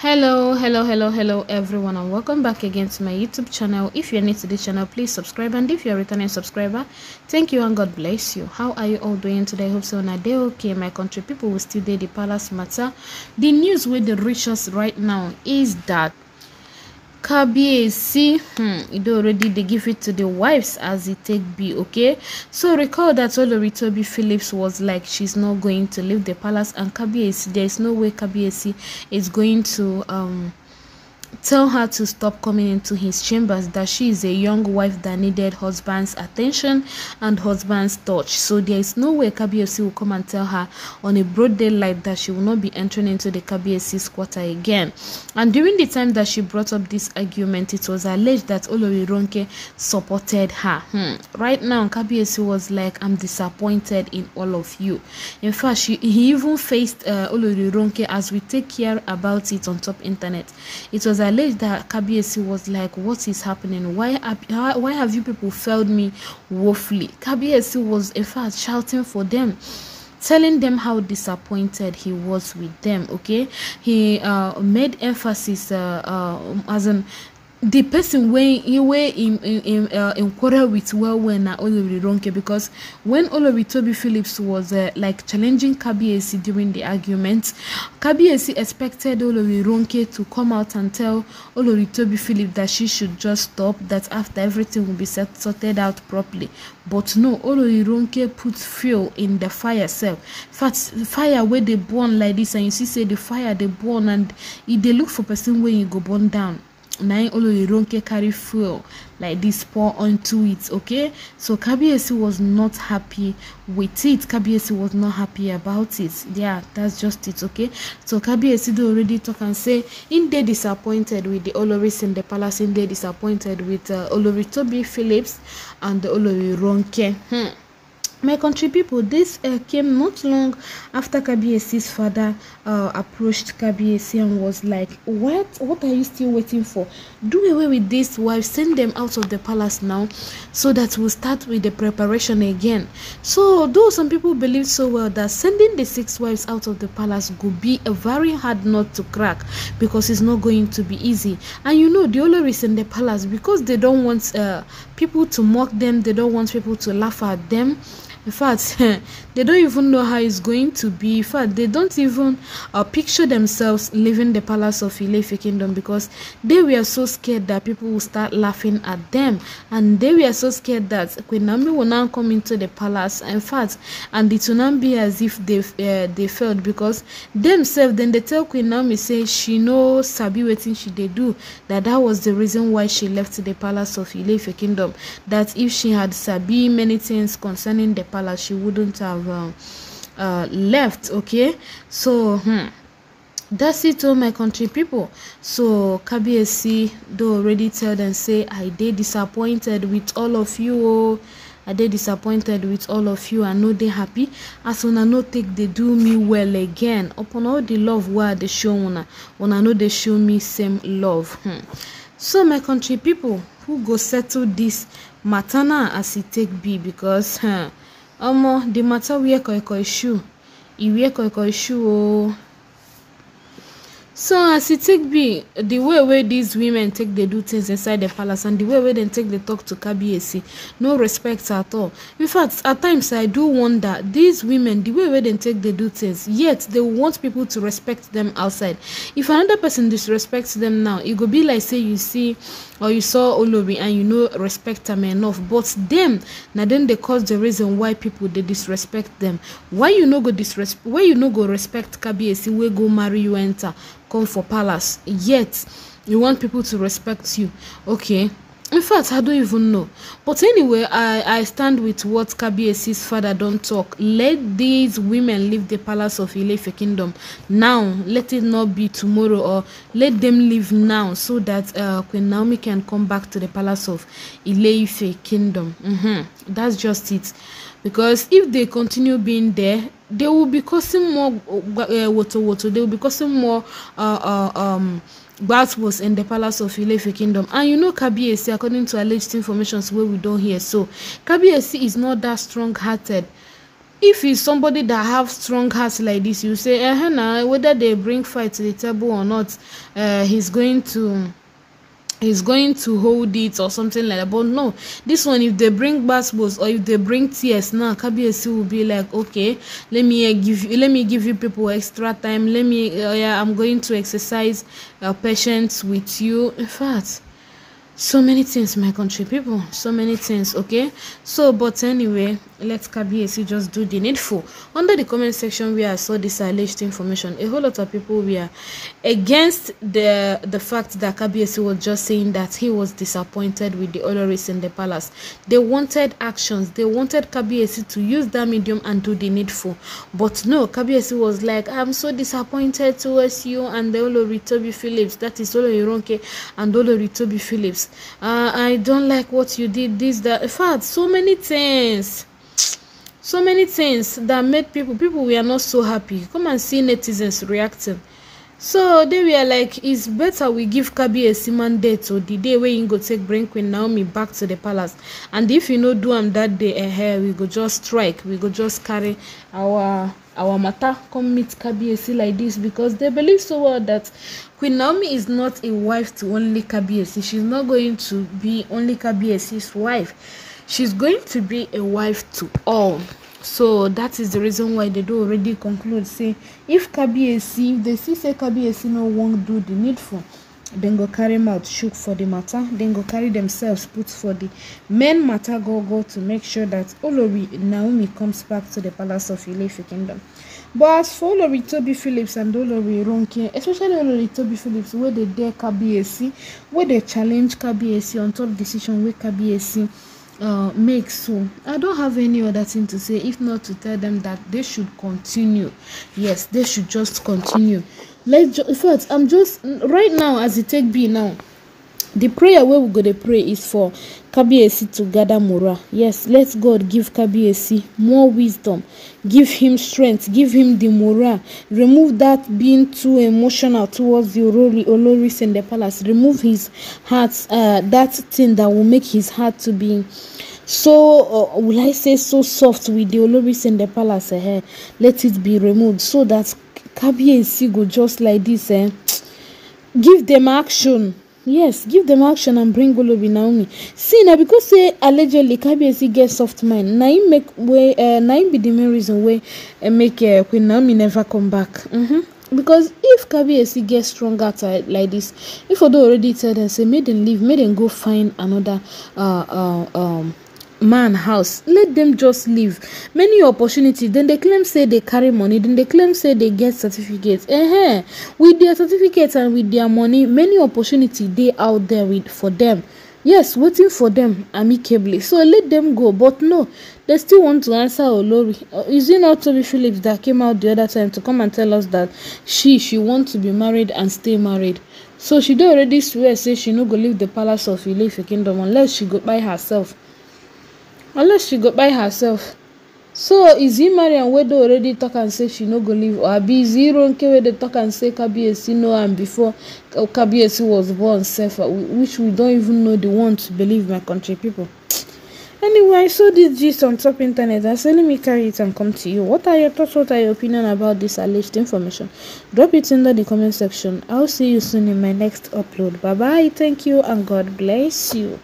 hello hello hello hello everyone and welcome back again to my youtube channel if you're new to this channel please subscribe and if you're a returning subscriber thank you and god bless you how are you all doing today hope so on a day okay my country people will still do the palace matter the news with the riches right now is that Kabiyesi, hmm, already they give it to the wives as it take be, okay? So recall that Olori Toby Phillips was like, she's not going to leave the palace and Kabiyesi, there is no way Kabiyesi is going to... um tell her to stop coming into his chambers that she is a young wife that needed husband's attention and husband's touch so there is no way kbfc will come and tell her on a broad daylight that she will not be entering into the kbfc's quarter again and during the time that she brought up this argument it was alleged that olorironke supported her hmm. right now kbfc was like i'm disappointed in all of you in fact she, he even faced uh, as we take care about it on top internet it was was alleged that KBSC was like, What is happening? Why, why have you people failed me woefully? KBSC was, a fact, shouting for them telling them how disappointed he was with them okay he uh, made emphasis uh, uh, as an. the person wey wey im im uh, im quarrel with well well na Olori Ronke because when Olori Toby Phillips was uh, like challenging Kabiyesi during the argument, Kabiyesi expected Olori Ronke to come out and tell Olori Toby Phillips that she should just stop, that after everything will be set, sorted out properly. But no, Olori Ronke put fuel in the fire self. First, fire where they burn like this, and you see say the fire they burn and e dey look for person when you e go burn down nine Oloyironke e carry fuel like this pour onto it okay so KBSC was not happy with it KBSC was not happy about it yeah that's just it okay so KBSC do already talk and say in they disappointed with the Oloris in the palace in they disappointed with uh, Olori Toby Phillips and the Oloyironke hmm my country people this uh, came not long after kbac father uh, approached kbac and was like what what are you still waiting for do away with this wife send them out of the palace now so that we'll start with the preparation again so though some people believe so well that sending the six wives out of the palace could be a very hard nut to crack because it's not going to be easy and you know the only reason in the palace because they don't want uh, people to mock them they don't want people to laugh at them 发现 they don't even know how it's going to be in fact they don't even uh, picture themselves leaving the palace of Ilefe kingdom because they were so scared that people will start laughing at them and they were so scared that Queen Nami will now come into the palace in fact and it will not be as if they uh, they failed because themselves then they tell Queen Nami say she know sabi wetin she dey do that that was the reason why she left the palace of Ilefe kingdom that if she had sabi many things concerning the palace she wouldn't have have uh, left okay so hmm, that's it all oh, my country people so kbac do already tell them say i did disappointed with all of you oh i dey disappointed with all of you i know they happy as I no take they do me well again upon all the love where they show show una I know they show me same love hmm. so my country people, who go settle this matana, as e take be because. hmm, omo the matter where koikoi shoe e wear koikoi shoe oo oh so as e take be the way wey these women take dey do things inside the palace and the way wey dem take dey talk to kabiyesi no respect at all in fact at times i do wonder these women the way wey dem take dey do things. yet they want people to respect them outside if another person disrespect them now e go be like say you see or you saw olori and you no respect am enough but dem na dem dey cause the reason why people dey disrespect them. why you no go disrespect why you no go respect kabiyesi wey go marry you enter come for palace yet you want people to respect you okay in fact i don't even know but anyway i i stand with what kabiesi's father don't talk let these women leave the palace of ilefe kingdom now let it not be tomorrow or let them leave now so that uh, queen naomi can come back to the palace of ileife kingdom mm -hmm. that's just it because if they continue being there they will be causing more uh, water water they will be causing more uh, uh, um battles in the palace of Ilefe kingdom and you know Kabiyesi according to alleged information wey we don hear so Kabiyesi is not that strong hearted if he's somebody that have strong heart like this you say eh, nah, whether they bring fight to the table or not uh, he's going to is going to hold it or something like that. But no, this one, if they bring basketballs or if they bring tears now, KBSC will be like, okay, let me uh, give you, let me give you people extra time. Let me, uh, yeah, I'm going to exercise uh, patience with you. In fact. so many things my country people so many things okay so but anyway let kbac just do the needful under the comment section where i saw this alleged information a whole lot of people were against the the fact that kbac was just saying that he was disappointed with the other race in the palace they wanted actions they wanted kbac to use that medium and do the needful but no kbac was like i'm so disappointed towards you and the olori toby phillips that is olori ronke and olori toby phillips uh, i don't like what you did this that in fact so many things so many things that made people people were not so happy come and see netizens reacting so they were like it's better we give kabi esi mandate or the day wey him go take bring queen naomi back to the palace and if you no do am that day ahead, eh, eh, we go just strike we go just carry our our matter come meet Kabiyesi like this because they believe so well that Queen Naomi is not a wife to only Kabiyesi she's not going to be only Kabiyesi's wife she's going to be a wife to all so that is the reason why they do already conclude say if Kabiyesi if they see say Kabiyesi no wan do the needful Then go carry mouth shook for the matter Then go carry themselves put for the men matter go go to make sure that olori naomi comes back to the palace of ilefi kingdom but as for olori toby phillips and olori ronke especially olori toby phillips wey dey dare kabiyesi wey dey challenge kabiyesi on top decision wey kabiyesi uh, make so i don't have any other thing to say if not to tell them that they should continue yes they should just continue let's ju in fact i'm just right now as it take be now The prayer wey we go dey pray is for Kabiyesi to gather morale. Yes, let God give Kabiyesi more wisdom, give him strength, give him the morale. Remove that being too emotional towards the Olori, Oloris in the palace. Remove his heart, uh, that thing that will make his heart to be so uh, will I say so soft with the Oloris in the palace. Eh, eh? Let it be removed so that Kabiyesi go just like this. Eh? Give them action yes give dem action and bring golobi naomi see na because say allegedly kabiyesi get soft mind na im make wey uh, eh, na im be the main reason wey uh, eh, make uh, queen naomi never come back mm -hmm. because if kabiyesi get strong heart like this ifodo already tell dem say make dem leave make dem go find another uh, uh, um, man house let dem just leave many opportunity dem dey claim say dey carry money dem dey claim say dey get certificate uh-huh. with their certificate and with their money many opportunity dey out there with, for dem yes waiting for dem amicably so let dem go but no they still want to answer olori uh, is it not toby phillips that came out the other time to come and tell us that she she want to be married and stay married so she don already swear say she no go leave the palace of ile ife kingdom unless she go buy herself unless she go kpai herself so izi mariam wey don already talk am say she no go leave or abi izi ironke wey dey tok am say kabiyesi know am before kabiyesi was born sef uh, which we don even know the one to believe my country people. Anyway, I saw this gist on top internet. I say let me carry it and come to you. What are your thoughts? What are your opinion about this alleged information? Drop it under the comment section. I'll see you soon in my next upload. Bye bye. Thank you and God bless you.